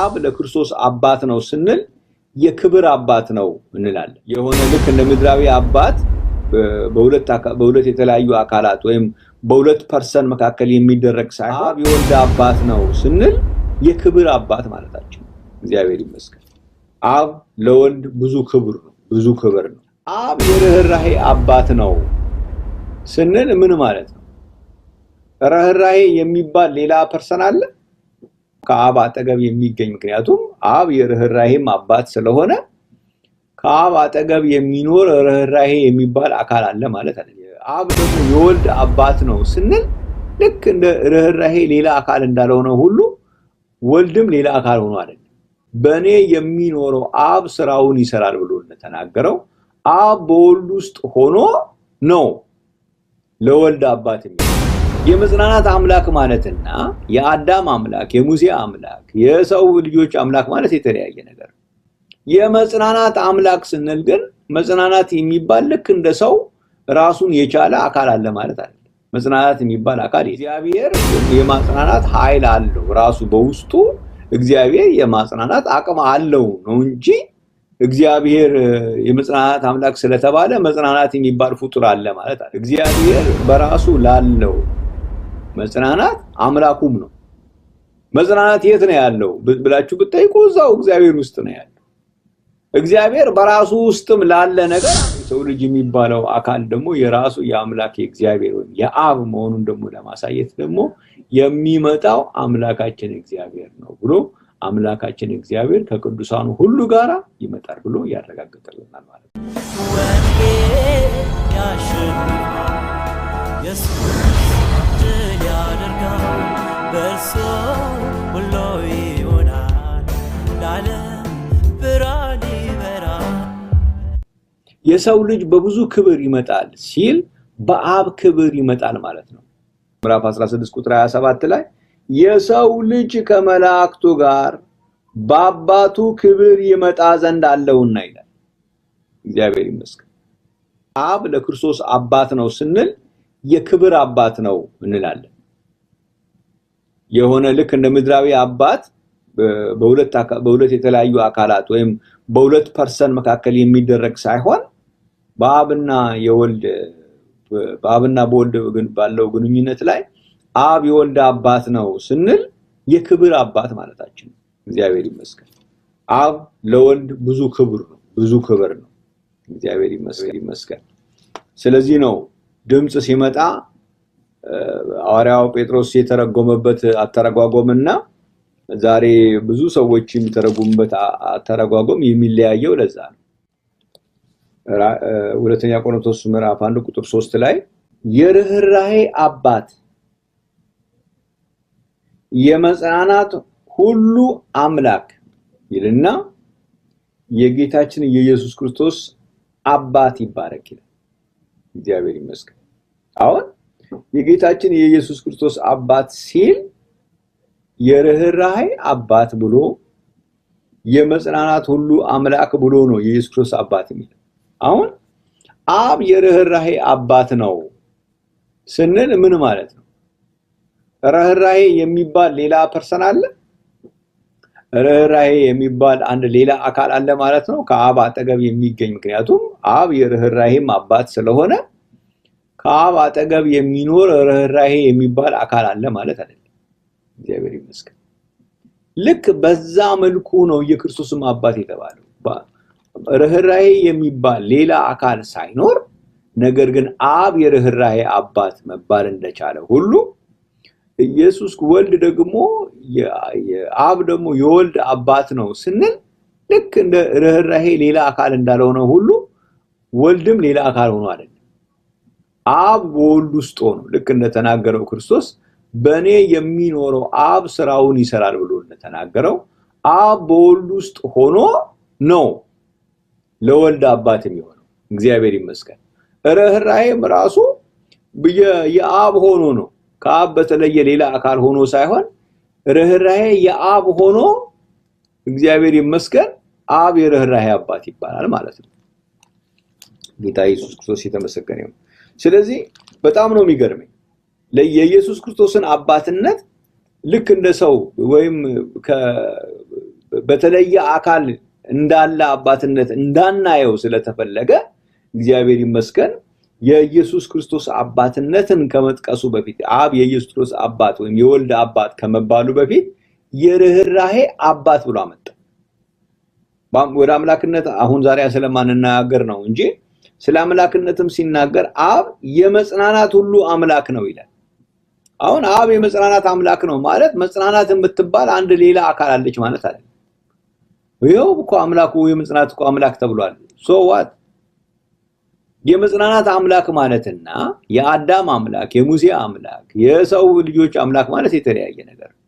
አብ ለክርስቶስ አባት ነው ስንል የክብር አባት ነው እንላለን። የሆነ ልክ እንደ ምድራዊ አባት በሁለት የተለያዩ አካላት ወይም በሁለት ፐርሰን መካከል የሚደረግ ሳይሆን አብ የወልድ አባት ነው ስንል የክብር አባት ማለታችን። እግዚአብሔር ይመስገን። አብ ለወልድ ብዙ ክብር ነው፣ ብዙ ክብር ነው። አብ የርኅራሄ አባት ነው ስንል ምን ማለት ነው? ርኅራሄ የሚባል ሌላ ፐርሰን አለ? ከአብ አጠገብ የሚገኝ ምክንያቱም አብ የርኅራሄም አባት ስለሆነ ከአብ አጠገብ የሚኖር ርኅራሄ የሚባል አካል አለ ማለት አለ። አብ ደግሞ የወልድ አባት ነው ስንል ልክ እንደ ርኅራሄ ሌላ አካል እንዳልሆነ ሁሉ ወልድም ሌላ አካል ሆኖ አይደለም። በእኔ የሚኖረው አብ ስራውን ይሰራል ብሎ እንደተናገረው አብ በወልድ ውስጥ ሆኖ ነው ለወልድ አባት የሚ የመጽናናት አምላክ ማለትና የአዳም አምላክ የሙሴ አምላክ የሰው ልጆች አምላክ ማለት የተለያየ ነገር ነው። የመጽናናት አምላክ ስንል ግን መጽናናት የሚባል ልክ እንደ ሰው ራሱን የቻለ አካል አለ ማለት አለ። መጽናናት የሚባል አካል እግዚአብሔር የማጽናናት ሀይል አለው ራሱ በውስጡ እግዚአብሔር የማጽናናት አቅም አለው ነው እንጂ እግዚአብሔር የመጽናናት አምላክ ስለተባለ መጽናናት የሚባል ፍጡር አለ ማለት አለ። እግዚአብሔር በራሱ ላለው መጽናናት አምላኩም ነው። መጽናናት የት ነው ያለው ብላችሁ ብትጠይቁ እዛው እግዚአብሔር ውስጥ ነው ያለው። እግዚአብሔር በራሱ ውስጥም ላለ ነገር ሰው ልጅ የሚባለው አካል ደግሞ የራሱ የአምላክ የእግዚአብሔር ወይም የአብ መሆኑን ደግሞ ለማሳየት ደግሞ የሚመጣው አምላካችን እግዚአብሔር ነው ብሎ አምላካችን እግዚአብሔር ከቅዱሳኑ ሁሉ ጋራ ይመጣል ብሎ ያረጋግጥልናል ማለት ነው። ነው በእርሶ ሁሉ ይሆናል ለዓለም ብርሃን ይበራል። የሰው ልጅ በብዙ ክብር ይመጣል ሲል በአብ ክብር ይመጣል ማለት ነው። ምዕራፍ 16 ቁጥር 27 ላይ የሰው ልጅ ከመላእክቱ ጋር በአባቱ ክብር ይመጣ ዘንድ አለውና ይላል። እግዚአብሔር ይመስገን። አብ ለክርስቶስ አባት ነው ስንል የክብር አባት ነው እንላለን። የሆነ ልክ እንደ ምድራዊ አባት በሁለት የተለያዩ አካላት ወይም በሁለት ፐርሰን መካከል የሚደረግ ሳይሆን በአብና የወልድ በአብና በወልድ ባለው ግንኙነት ላይ አብ የወልድ አባት ነው ስንል የክብር አባት ማለታችን እግዚአብሔር ይመስገን። አብ ለወልድ ብዙ ክብር ነው፣ ብዙ ክብር ነው። እግዚአብሔር ይመስገን። ስለዚህ ነው ድምፅ ሲመጣ ሐዋርያው ጴጥሮስ የተረጎመበት አተረጓጎምና ዛሬ ብዙ ሰዎች የሚተረጉሙበት አተረጓጎም የሚለያየው ለዛ ነው። ሁለተኛ ቆሮንቶስ ምዕራፍ አንድ ቁጥር ሶስት ላይ የርኅራሄ አባት የመጽናናት ሁሉ አምላክ ይልና የጌታችን የኢየሱስ ክርስቶስ አባት ይባረክ ይላል። እግዚአብሔር ይመስገን። አሁን የጌታችን የኢየሱስ ክርስቶስ አባት ሲል የርኅራሄ አባት ብሎ የመጽናናት ሁሉ አምላክ ብሎ ነው የኢየሱስ ክርስቶስ አባት የሚለው። አሁን አብ የርኅራሄ አባት ነው ስንል ምን ማለት ነው? ርኅራሄ የሚባል ሌላ ፐርሰን አለ? ርኅራሄ የሚባል አንድ ሌላ አካል አለ ማለት ነው ከአብ አጠገብ የሚገኝ ምክንያቱም አብ የርኅራሄም አባት ስለሆነ ከአብ አጠገብ የሚኖር ርኅራሄ የሚባል አካል አለ ማለት አይደለም። እግዚአብሔር ይመስገን። ልክ በዛ መልኩ ነው የክርስቶስም አባት የተባለው ርኅራሄ የሚባል ሌላ አካል ሳይኖር ነገር ግን አብ የርኅራሄ አባት መባል እንደቻለ ሁሉ ኢየሱስ ወልድ ደግሞ አብ ደግሞ የወልድ አባት ነው ስንል ልክ እንደ ርኅራሄ ሌላ አካል እንዳልሆነ ሁሉ ወልድም ሌላ አካል ሆኖ አይደለም። አብ በወልድ ውስጥ ሆኖ ልክ እንደተናገረው ክርስቶስ በእኔ የሚኖረው አብ ስራውን ይሰራል ብሎ እንደተናገረው አብ በወልድ ውስጥ ሆኖ ነው ለወልድ አባት የሚሆነው። እግዚአብሔር ይመስገን። ርኅራኄም ራሱ የአብ ሆኖ ነው ከአብ በተለየ ሌላ አካል ሆኖ ሳይሆን ርኅራኄ የአብ ሆኖ እግዚአብሔር ይመስገን አብ የርኅራኄ አባት ይባላል ማለት ነው። ጌታ ኢየሱስ ክርስቶስ የተመሰገነ ይሁን። ስለዚህ በጣም ነው የሚገርመኝ የኢየሱስ ክርስቶስን አባትነት ልክ እንደ ሰው ወይም በተለየ አካል እንዳለ አባትነት እንዳናየው ስለተፈለገ እግዚአብሔር ይመስገን የኢየሱስ ክርስቶስ አባትነትን ከመጥቀሱ በፊት አብ የኢየሱስ ክርስቶስ አባት ወይም የወልድ አባት ከመባሉ በፊት የርኅራሄ አባት ብሎ አመጣ። ወደ አምላክነት አሁን ዛሬ ስለማንናገር ነው እንጂ ስለ አምላክነትም ሲናገር አብ የመጽናናት ሁሉ አምላክ ነው ይላል። አሁን አብ የመጽናናት አምላክ ነው ማለት መጽናናት የምትባል አንድ ሌላ አካል አለች ማለት አለ። ይኸው እኮ አምላኩ የመጽናናት እኮ አምላክ ተብሏል። ሶ ዋት የመጽናናት አምላክ ማለትና የአዳም አምላክ የሙሴ አምላክ የሰው ልጆች አምላክ ማለት የተለያየ ነገር ነው።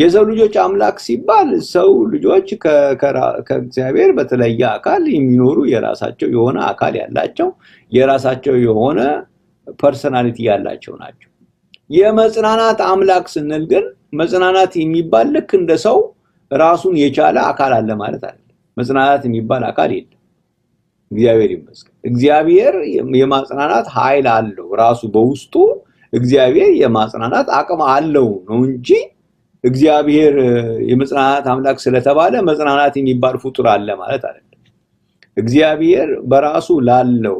የሰው ልጆች አምላክ ሲባል ሰው ልጆች ከእግዚአብሔር በተለየ አካል የሚኖሩ የራሳቸው የሆነ አካል ያላቸው የራሳቸው የሆነ ፐርሰናሊቲ ያላቸው ናቸው። የመጽናናት አምላክ ስንል ግን መጽናናት የሚባል ልክ እንደ ሰው ራሱን የቻለ አካል አለ ማለት አለ። መጽናናት የሚባል አካል የለም። እግዚአብሔር ይመስገን። እግዚአብሔር የማጽናናት ኃይል አለው። ራሱ በውስጡ እግዚአብሔር የማጽናናት አቅም አለው ነው እንጂ እግዚአብሔር የመጽናናት አምላክ ስለተባለ መጽናናት የሚባል ፍጡር አለ ማለት አይደለም። እግዚአብሔር በራሱ ላለው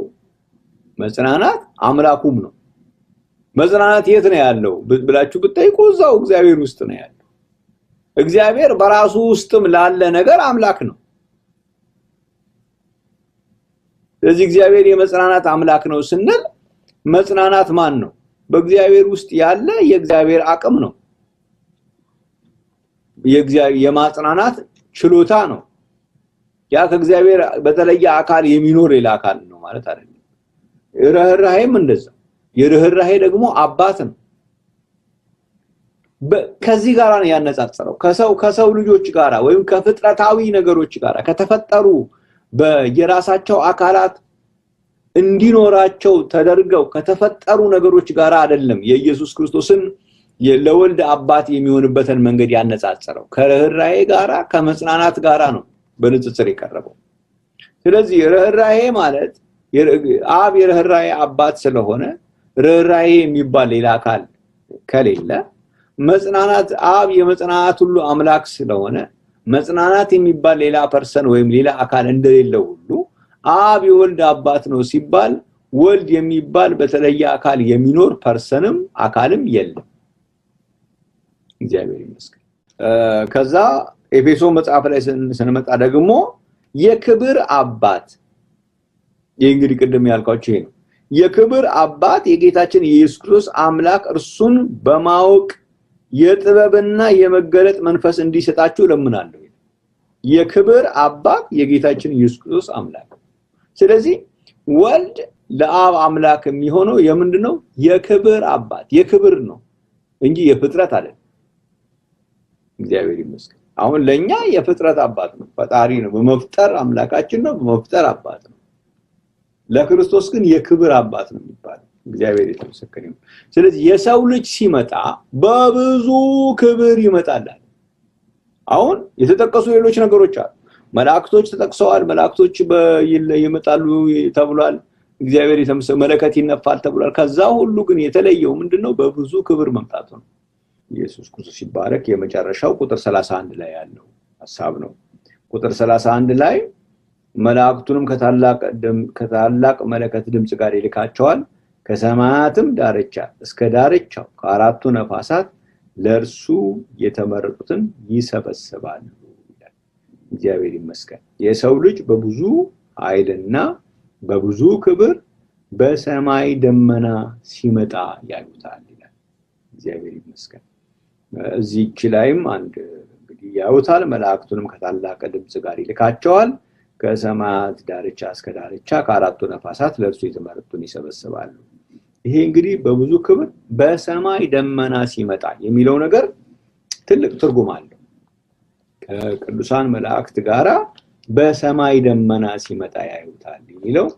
መጽናናት አምላኩም ነው። መጽናናት የት ነው ያለው ብላችሁ ብታይቁ እዛው እግዚአብሔር ውስጥ ነው ያለው። እግዚአብሔር በራሱ ውስጥም ላለ ነገር አምላክ ነው። ስለዚህ እግዚአብሔር የመጽናናት አምላክ ነው ስንል መጽናናት ማን ነው? በእግዚአብሔር ውስጥ ያለ የእግዚአብሔር አቅም ነው። የማጽናናት ችሎታ ነው። ያ ከእግዚአብሔር በተለየ አካል የሚኖር ሌላ አካል ነው ማለት አይደለም። ርህራሄም እንደዛ የርህራሄ ደግሞ አባት ነው። ከዚህ ጋራ ነው ያነጻጸረው። ከሰው ከሰው ልጆች ጋራ ወይም ከፍጥረታዊ ነገሮች ጋራ ከተፈጠሩ በየራሳቸው አካላት እንዲኖራቸው ተደርገው ከተፈጠሩ ነገሮች ጋር አይደለም የኢየሱስ ክርስቶስን ለወልድ አባት የሚሆንበትን መንገድ ያነጻጸረው ከርኅራሄ ጋራ ከመጽናናት ጋራ ነው በንጽጽር የቀረበው። ስለዚህ ርኅራሄ ማለት አብ የርኅራሄ አባት ስለሆነ ርኅራሄ የሚባል ሌላ አካል ከሌለ መጽናናት አብ የመጽናናት ሁሉ አምላክ ስለሆነ መጽናናት የሚባል ሌላ ፐርሰን ወይም ሌላ አካል እንደሌለ ሁሉ አብ የወልድ አባት ነው ሲባል ወልድ የሚባል በተለየ አካል የሚኖር ፐርሰንም አካልም የለም። እግዚአብሔር ይመስገን። ከዛ ኤፌሶ መጽሐፍ ላይ ስንመጣ ደግሞ የክብር አባት ይህ እንግዲህ ቅድም ያልኳቸው ይሄ ነው። የክብር አባት የጌታችን የኢየሱስ ክርስቶስ አምላክ እርሱን በማወቅ የጥበብና የመገለጥ መንፈስ እንዲሰጣችሁ እለምናለሁ። የክብር አባት የጌታችን ኢየሱስ ክርስቶስ አምላክ። ስለዚህ ወልድ ለአብ አምላክ የሚሆነው የምንድን ነው? የክብር አባት የክብር ነው እንጂ የፍጥረት አይደለም። እግዚአብሔር ይመስገን። አሁን ለኛ የፍጥረት አባት ነው፣ ፈጣሪ ነው፣ በመፍጠር አምላካችን ነው፣ በመፍጠር አባት ነው። ለክርስቶስ ግን የክብር አባት ነው የሚባለው። እግዚአብሔር የተመሰከረ ነው። ስለዚህ የሰው ልጅ ሲመጣ በብዙ ክብር ይመጣላል። አሁን የተጠቀሱ ሌሎች ነገሮች አሉ። መላእክቶች ተጠቅሰዋል። መላእክቶች ይመጣሉ ተብሏል። እግዚአብሔር የተመሰ መለከት ይነፋል ተብሏል። ከዛ ሁሉ ግን የተለየው ምንድነው? በብዙ ክብር መምጣቱ ነው። ኢየሱስ ክርስቶስ ሲባረክ የመጨረሻው ቁጥር 31 ላይ ያለው ሀሳብ ነው። ቁጥር 31 ላይ መላእክቱንም ከታላቅ መለከት ድምፅ ጋር ይልካቸዋል፣ ከሰማያትም ዳርቻ እስከ ዳርቻው ከአራቱ ነፋሳት ለእርሱ የተመረጡትን ይሰበስባሉ። እግዚአብሔር ይመስገን። የሰው ልጅ በብዙ ኃይልና በብዙ ክብር በሰማይ ደመና ሲመጣ ያዩታል ይላል። እግዚአብሔር ይመስገን። እዚች ላይም አንድ እንግዲህ ያዩታል፣ መላእክቱንም ከታላቅ ድምፅ ጋር ይልካቸዋል ከሰማያት ዳርቻ እስከ ዳርቻ ከአራቱ ነፋሳት ለእርሱ የተመረጡን ይሰበስባሉ። ይሄ እንግዲህ በብዙ ክብር በሰማይ ደመና ሲመጣ የሚለው ነገር ትልቅ ትርጉም አለው። ከቅዱሳን መላእክት ጋራ በሰማይ ደመና ሲመጣ ያዩታል የሚለው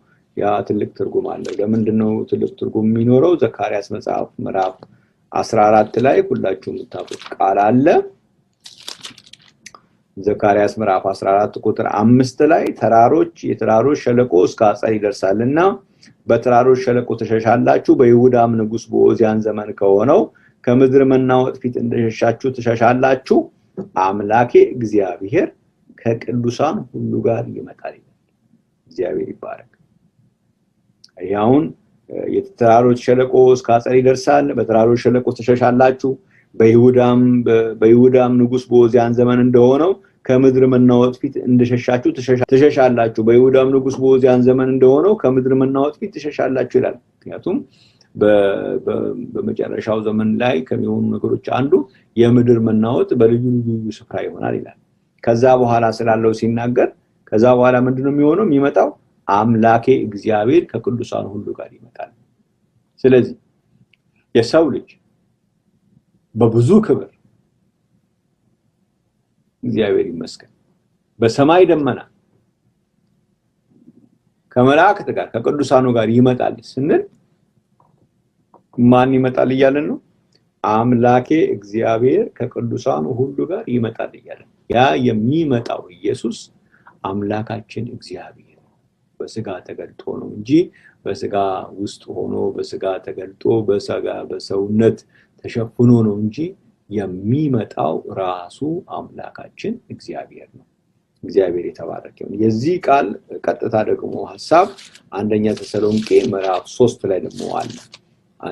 ያ ትልቅ ትርጉም አለው። ለምንድን ነው ትልቅ ትርጉም የሚኖረው? ዘካርያስ መጽሐፍ ምዕራፍ 14 ላይ ሁላችሁ የምታውቁት ቃል አለ ዘካርያስ ምዕራፍ 14 ቁጥር አምስት ላይ ተራሮች የተራሮች ሸለቆ እስከ አጻር ይደርሳልና በተራሮች ሸለቆ ተሸሻላችሁ በይሁዳም ንጉስ በኦዚያን ዘመን ከሆነው ከምድር መናወጥ ፊት እንደሸሻችሁ ተሻሻላችሁ አምላኬ እግዚአብሔር ከቅዱሳን ሁሉ ጋር ይመጣል እግዚአብሔር ይባረክ ይህ የተራሮች ሸለቆ እስከ አጸር ይደርሳል። በተራሮች ሸለቆ ተሸሻላችሁ። በይሁዳም በይሁዳም ንጉስ ቦዚያን ዘመን እንደሆነው ከምድር መናወጥ ፊት እንደሸሻችሁ ትሸሻላችሁ። በይሁዳም ንጉስ ቦዚያን ዘመን እንደሆነው ከምድር መናወጥ ፊት ትሸሻላችሁ ይላል። ምክንያቱም በመጨረሻው ዘመን ላይ ከሚሆኑ ነገሮች አንዱ የምድር መናወጥ በልዩ ልዩ ስፍራ ይሆናል ይላል። ከዛ በኋላ ስላለው ሲናገር ከዛ በኋላ ምንድነው የሚሆነው የሚመጣው አምላኬ እግዚአብሔር ከቅዱሳን ሁሉ ጋር ይመጣል። ስለዚህ የሰው ልጅ በብዙ ክብር እግዚአብሔር ይመስገን በሰማይ ደመና ከመላእክት ጋር ከቅዱሳኑ ጋር ይመጣል ስንል ማን ይመጣል እያለን ነው? አምላኬ እግዚአብሔር ከቅዱሳኑ ሁሉ ጋር ይመጣል እያለን ያ የሚመጣው ኢየሱስ አምላካችን እግዚአብሔር በስጋ ተገልጦ ነው እንጂ በስጋ ውስጥ ሆኖ በስጋ ተገልጦ በስጋ በሰውነት ተሸፍኖ ነው እንጂ የሚመጣው ራሱ አምላካችን እግዚአብሔር ነው። እግዚአብሔር የተባረክ ይሁን። የዚህ ቃል ቀጥታ ደግሞ ሀሳብ አንደኛ ተሰሎንቄ ምዕራፍ ሶስት ላይ ደግሞ አለ።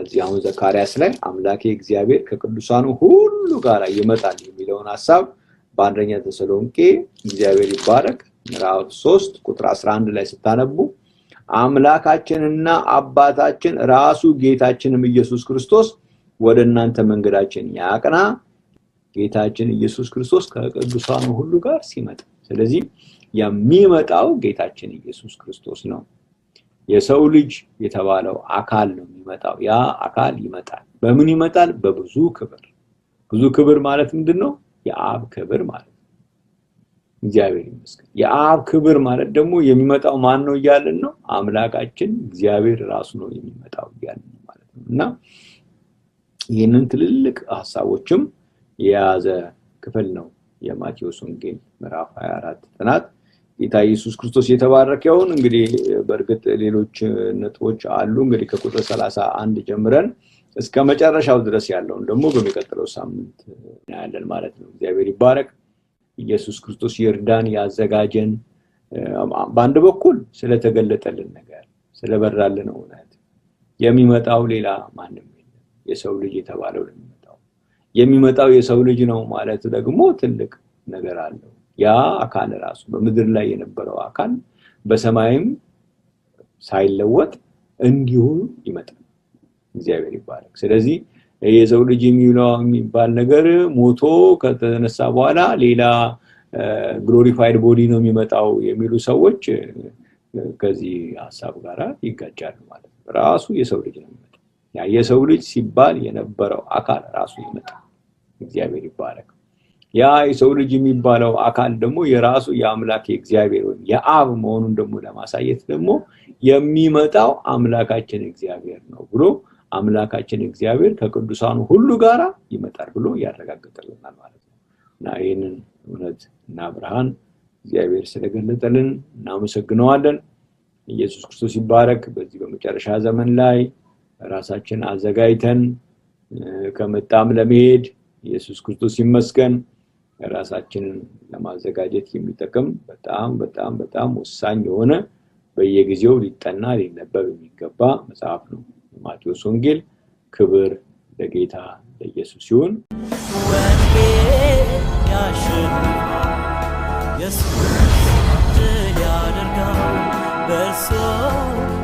እዚህ አሁን ዘካርያስ ላይ አምላኬ እግዚአብሔር ከቅዱሳኑ ሁሉ ጋር ይመጣል የሚለውን ሀሳብ በአንደኛ ተሰሎንቄ እግዚአብሔር ይባረክ ምዕራፍ 3 ቁጥር 11 ላይ ስታነቡ አምላካችንና አባታችን ራሱ ጌታችንም ኢየሱስ ክርስቶስ ወደ እናንተ መንገዳችን ያቅና ጌታችን ኢየሱስ ክርስቶስ ከቅዱሳኑ ሁሉ ጋር ሲመጣ ስለዚህ የሚመጣው ጌታችን ኢየሱስ ክርስቶስ ነው የሰው ልጅ የተባለው አካል ነው የሚመጣው ያ አካል ይመጣል በምን ይመጣል በብዙ ክብር ብዙ ክብር ማለት ምንድን ነው የአብ ክብር ማለት እግዚአብሔር ይመስገን። የአብ ክብር ማለት ደግሞ የሚመጣው ማን ነው እያለን ነው? አምላካችን እግዚአብሔር ራሱ ነው የሚመጣው እያለን ነው ማለት ነው እና ይህንን ትልልቅ ሀሳቦችም የያዘ ክፍል ነው የማቴዎስ ወንጌል ምዕራፍ 24 ጥናት። ጌታ ኢየሱስ ክርስቶስ የተባረከ እንግዲህ በእርግጥ ሌሎች ነጥቦች አሉ። እንግዲህ ከቁጥር 31 ጀምረን እስከ መጨረሻው ድረስ ያለውን ደግሞ በሚቀጥለው ሳምንት እናያለን ማለት ነው። እግዚአብሔር ይባረክ። ኢየሱስ ክርስቶስ ይርዳን፣ ያዘጋጀን በአንድ በኩል ስለተገለጠልን ነገር ስለበራልን እውነት የሚመጣው ሌላ ማንም የለም። የሰው ልጅ የተባለው የሚመጣው የሚመጣው የሰው ልጅ ነው ማለት ደግሞ ትልቅ ነገር አለው። ያ አካል ራሱ በምድር ላይ የነበረው አካል በሰማይም ሳይለወጥ እንዲሁ ይመጣል። እግዚአብሔር ይባረክ። ስለዚህ የሰው ልጅ የሚውለው የሚባል ነገር ሞቶ ከተነሳ በኋላ ሌላ ግሎሪፋይድ ቦዲ ነው የሚመጣው የሚሉ ሰዎች ከዚህ ሀሳብ ጋር ይጋጫሉ ማለት ነው። ራሱ የሰው ልጅ ነው የሚመጣው። ያ የሰው ልጅ ሲባል የነበረው አካል ራሱ ይመጣ። እግዚአብሔር ይባረክ። ያ የሰው ልጅ የሚባለው አካል ደግሞ የራሱ የአምላክ የእግዚአብሔር ወይም የአብ መሆኑን ደግሞ ለማሳየት ደግሞ የሚመጣው አምላካችን እግዚአብሔር ነው ብሎ አምላካችን እግዚአብሔር ከቅዱሳኑ ሁሉ ጋራ ይመጣል ብሎ ያረጋግጥልናል ማለት ነው እና ይህንን እውነት እና ብርሃን እግዚአብሔር ስለገለጠልን እናመሰግነዋለን። ኢየሱስ ክርስቶስ ይባረክ። በዚህ በመጨረሻ ዘመን ላይ ራሳችን አዘጋጅተን ከመጣም ለመሄድ ኢየሱስ ክርስቶስ ይመስገን። ራሳችንን ለማዘጋጀት የሚጠቅም በጣም በጣም በጣም ወሳኝ የሆነ በየጊዜው ሊጠና ሊነበብ የሚገባ መጽሐፍ ነው። ማቴዎስ ወንጌል ክብር ለጌታ ለኢየሱስ ሲሆን ኢየሱስ ያደርጋል በእርሱ